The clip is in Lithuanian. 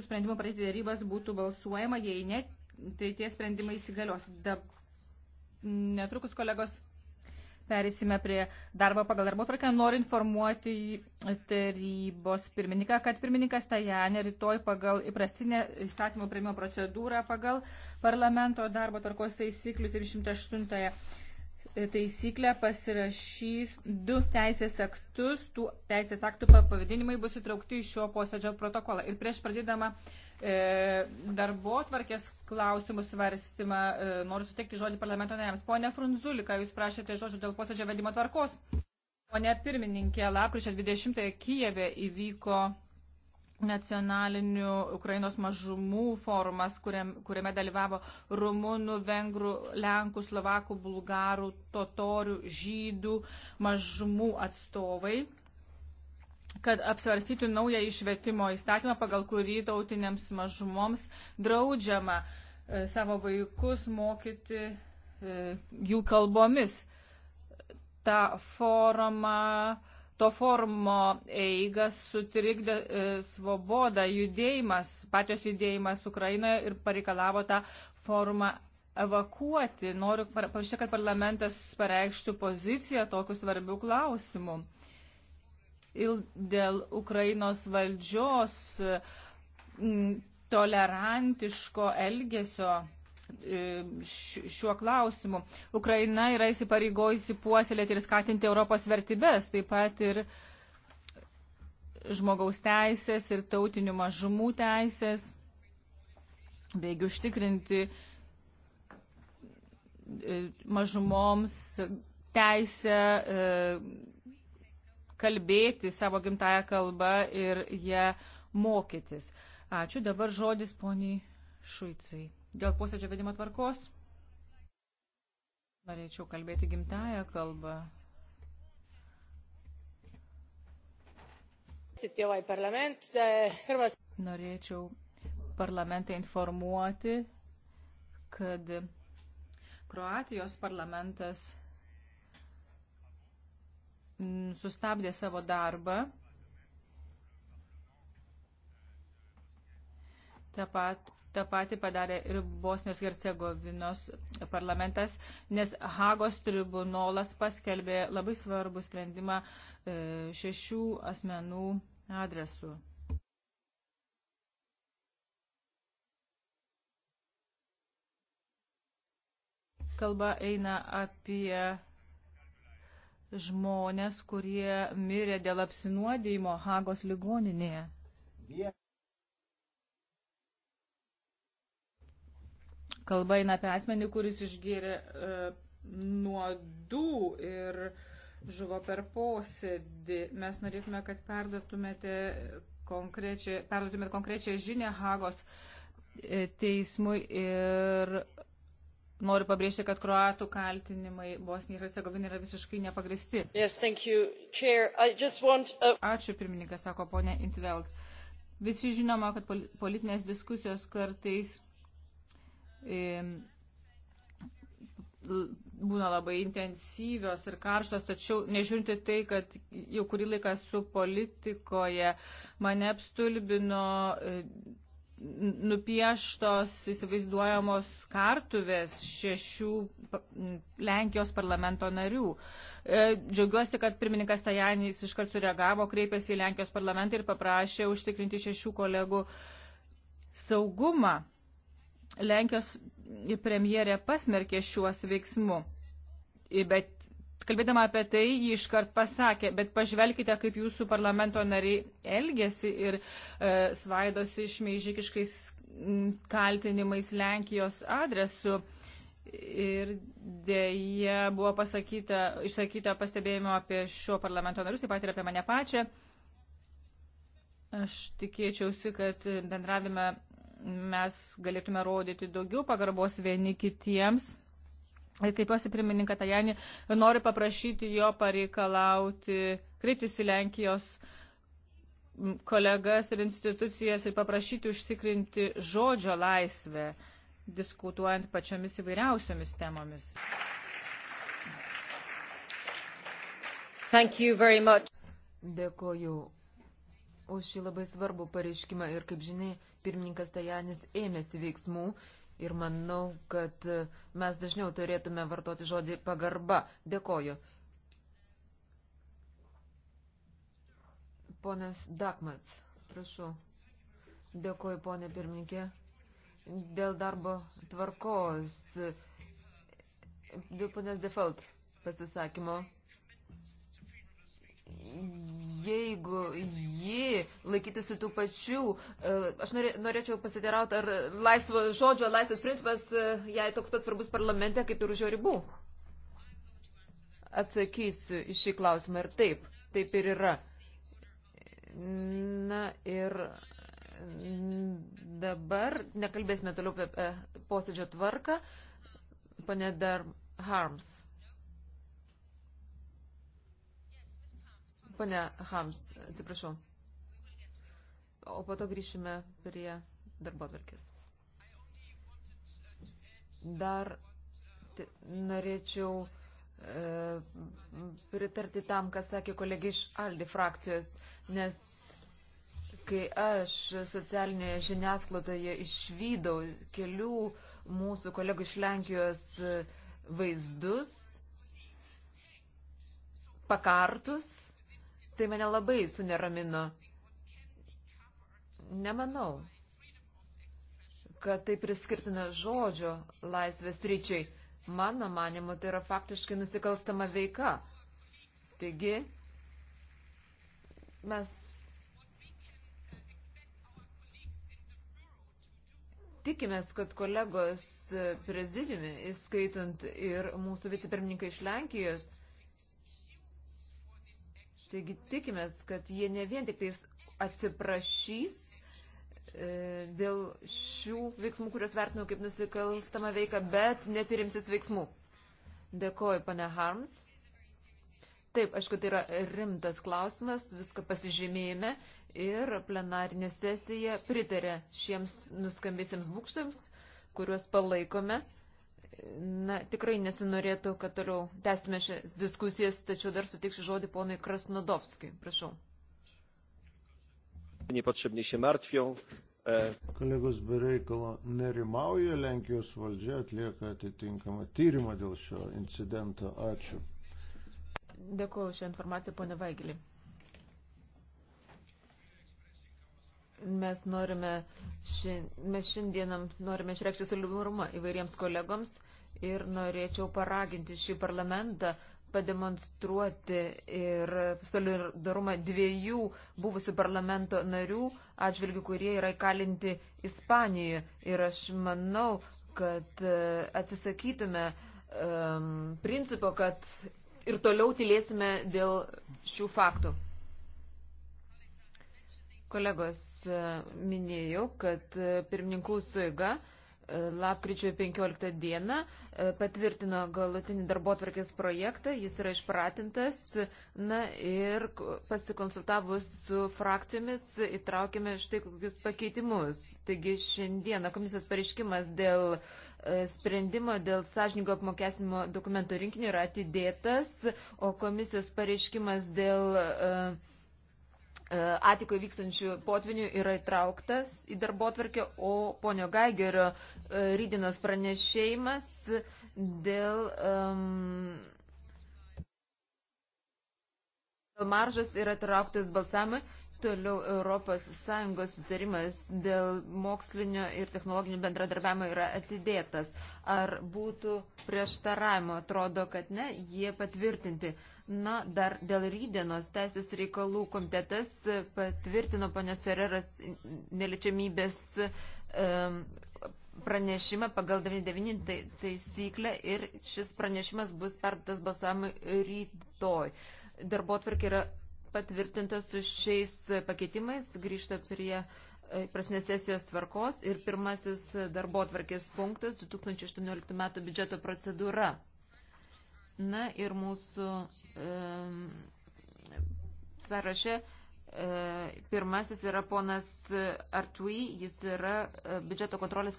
rastų sprendimų pradėti dėrybas būtų balsuojama, jei ne, tai tie sprendimai įsigalios. Da, netrukus kolegos perėsime prie darbo pagal darbo tvarkę. Noriu informuoti tarybos pirmininką, kad pirmininkas Tajanė rytoj pagal įprastinę įstatymų prieimimo procedūrą pagal parlamento darbo tvarkos taisyklius 78 taisyklę pasirašys du teisės aktus, tų teisės aktų pavadinimai bus įtraukti į šio posėdžio protokolą. Ir prieš pradėdama e, darbo tvarkės klausimų svarstymą e, noriu suteikti žodį parlamento nariams. Pone Frunzulika, jūs prašėte žodžių dėl posėdžio vedimo tvarkos. Pone pirmininkė, lapkričio 20 Kijeve įvyko nacionalinių Ukrainos mažumų forumas, kuriam, kuriame dalyvavo rumunų, vengrų, lenkų, slovakų, bulgarų, totorių, žydų mažumų atstovai kad apsvarstytų naują išvietimo įstatymą, pagal kurį tautinėms mažumoms draudžiama e, savo vaikus mokyti e, jų kalbomis. Ta forma e, to formo eigas sutrikdė e, svoboda, judėjimas, patios judėjimas Ukrainoje ir pareikalavo tą formą evakuoti. Noriu paprašyti, kad parlamentas pareikštų poziciją tokiu svarbiu klausimu. Ir dėl Ukrainos valdžios m, tolerantiško elgesio E, šiuo klausimu. Ukraina yra įsipareigojusi puoselėti ir skatinti Europos vertybės, taip pat ir žmogaus teisės ir tautinių mažumų teisės, beigi užtikrinti e, mažumoms teisę e, kalbėti savo gimtają kalbą ir ją mokytis. Ačiū, dabar žodis poniai Šuicai. Dėl posėdžio vedimo tvarkos norėčiau kalbėti gimtają kalbą. Norėčiau parlamentą informuoti, kad Kroatijos parlamentas sustabdė savo darbą. Ta pat Ta pati padarė ir Bosnijos Hercegovinos parlamentas, nes Hagos tribunolas paskelbė labai svarbų sprendimą e, šešių asmenų adresu. Kalba eina apie žmonės, kurie mirė dėl apsinuodėjimo Hagos ligoninėje. Yeah. Kalba eina apie asmenį, kuris išgėrė e, nuodų ir žuvo per posėdį. Mes norėtume, kad perdotumėte konkrečią, perdotumėte konkrečią žinę Hagos e, teismui ir noriu pabrėžti, kad kroatų kaltinimai Bosnijai ir Hercegovinai yra visiškai nepagristi. Yes, you, want, uh... Ačiū pirmininkas, sako ponė Intveld. Visi žinoma, kad politinės diskusijos kartais būna labai intensyvios ir karštos, tačiau nežiūrinti tai, kad jau kurį laiką su politikoje mane apstulbino e, nupieštos įsivaizduojamos kartuvės šešių Lenkijos parlamento narių. E, džiaugiuosi, kad pirmininkas Tajanys iškart sureagavo, kreipėsi į Lenkijos parlamentą ir paprašė užtikrinti šešių kolegų saugumą. Lenkijos premjerė pasmerkė šiuos veiksmus, bet kalbėdama apie tai, ji iškart pasakė, bet pažvelkite, kaip jūsų parlamento nariai elgesi ir e, svaidosi šmeižikiškais kaltinimais Lenkijos adresu. Ir dėja buvo pasakyta, išsakyta pastebėjimo apie šio parlamento narius, taip pat ir apie mane pačią. Aš tikėčiausi, kad bendravime mes galėtume rodyti daugiau pagarbos vieni kitiems. Ir kreipiuosi pirmininką Tajanį, noriu paprašyti jo pareikalauti, kreiptis į Lenkijos kolegas ir institucijas ir paprašyti užtikrinti žodžio laisvę, diskutuojant pačiomis įvairiausiomis temomis. Dėkoju už šį labai svarbų pareiškimą ir, kaip žinia, pirmininkas Tajanis ėmėsi veiksmų ir manau, kad mes dažniau turėtume vartoti žodį pagarba. Dėkoju. Ponas Dakmats, prašau. Dėkoju, ponė pirmininkė. Dėl darbo tvarkos. Dėl ponės default pasisakymo jeigu ji laikytųsi tų pačių, e, aš norė, norėčiau pasiteirauti, ar laisvo žodžio laisvės principas e, jai toks pats svarbus parlamente kaip ir už jo ribų. Atsakysiu į šį klausimą ir taip, taip ir yra. Na ir dabar nekalbėsime toliau apie e, posėdžio tvarką. Pane dar Harms. Pone Hams, atsiprašau. O po to grįšime prie darbo atvarkės. Dar norėčiau e, pritarti tam, kas sakė kolegė iš Aldi frakcijos, nes kai aš socialinėje žiniasklaidoje išvydau kelių mūsų kolegų iš Lenkijos e, vaizdus, pakartus, Tai mane labai suneramino. Nemanau, kad tai priskirtina žodžio laisvės ryčiai. Mano manimu, tai yra faktiškai nusikalstama veika. Taigi, mes tikimės, kad kolegos prezidiumi, įskaitant ir mūsų vicepirmininkai iš Lenkijos, Taigi tikimės, kad jie ne vien tik tais atsiprašys e, dėl šių veiksmų, kuriuos vertinau kaip nusikalstama veika, bet netirimsis veiksmų. Dėkoju, pane Harms. Taip, aišku, tai yra rimtas klausimas, viską pasižymėjome ir plenarinė sesija pritarė šiems nuskambėsiams būkštams, kuriuos palaikome. Na, tikrai nesinorėtų, kad toliau tęstume šias diskusijas, tačiau dar sutiksiu žodį ponui Krasnodovskijui. Prašau. Nepotrzebnie się martwią. E, Kolegos be reikalo nerimauja, Lenkijos valdžia atlieka atitinkamą tyrimą dėl šio incidento. Ačiū. Dėkuoju šią informaciją, ponė Vaigilį. mes norime, ši, mes šiandienam norime išreikšti solidarumą įvairiems kolegoms ir norėčiau paraginti šį parlamentą pademonstruoti ir solidarumą dviejų buvusių parlamento narių atžvilgių, kurie yra įkalinti Ispanijoje. Ir aš manau, kad e, atsisakytume um, principo, kad ir toliau tylėsime dėl šių faktų. Kolegos, e, minėjau, kad e, pirmininkų suiga uh, lapkričio 15 dieną e, patvirtino galutinį darbo atvarkės projektą, jis yra išpratintas na, ir pasikonsultavus su frakcijomis įtraukėme štai kokius pakeitimus. Taigi šiandieną komisijos pareiškimas dėl e, sprendimo dėl sąžininko apmokesimo dokumentų rinkinio yra atidėtas, o komisijos pareiškimas dėl uh, E, Atikoje vykstančių potvinių yra įtrauktas į darbo atvarkę, o ponio Gaigerio e, rydinos pranešėjimas dėl um, maržas yra įtrauktas balsamui. Toliau ES sutarimas dėl mokslinio ir technologinio bendradarbiavimo yra atidėtas. Ar būtų prieštaravimo? Atrodo, kad ne, jie patvirtinti. Na, dar dėl rydienos teisės reikalų komitetas patvirtino ponios Ferreras neliečiamybės um, pranešimą pagal 99 taisyklę ir šis pranešimas bus perduotas balsavimui rytoj. Darbo tvarkė yra patvirtinta su šiais pakeitimais, grįžta prie e, prasnės sesijos tvarkos ir pirmasis darbo tvarkės punktas 2018 m. biudžeto procedūra. Na ir mūsų e, sąraše e, pirmasis yra ponas Artui, jis yra e, biudžeto kontrolės.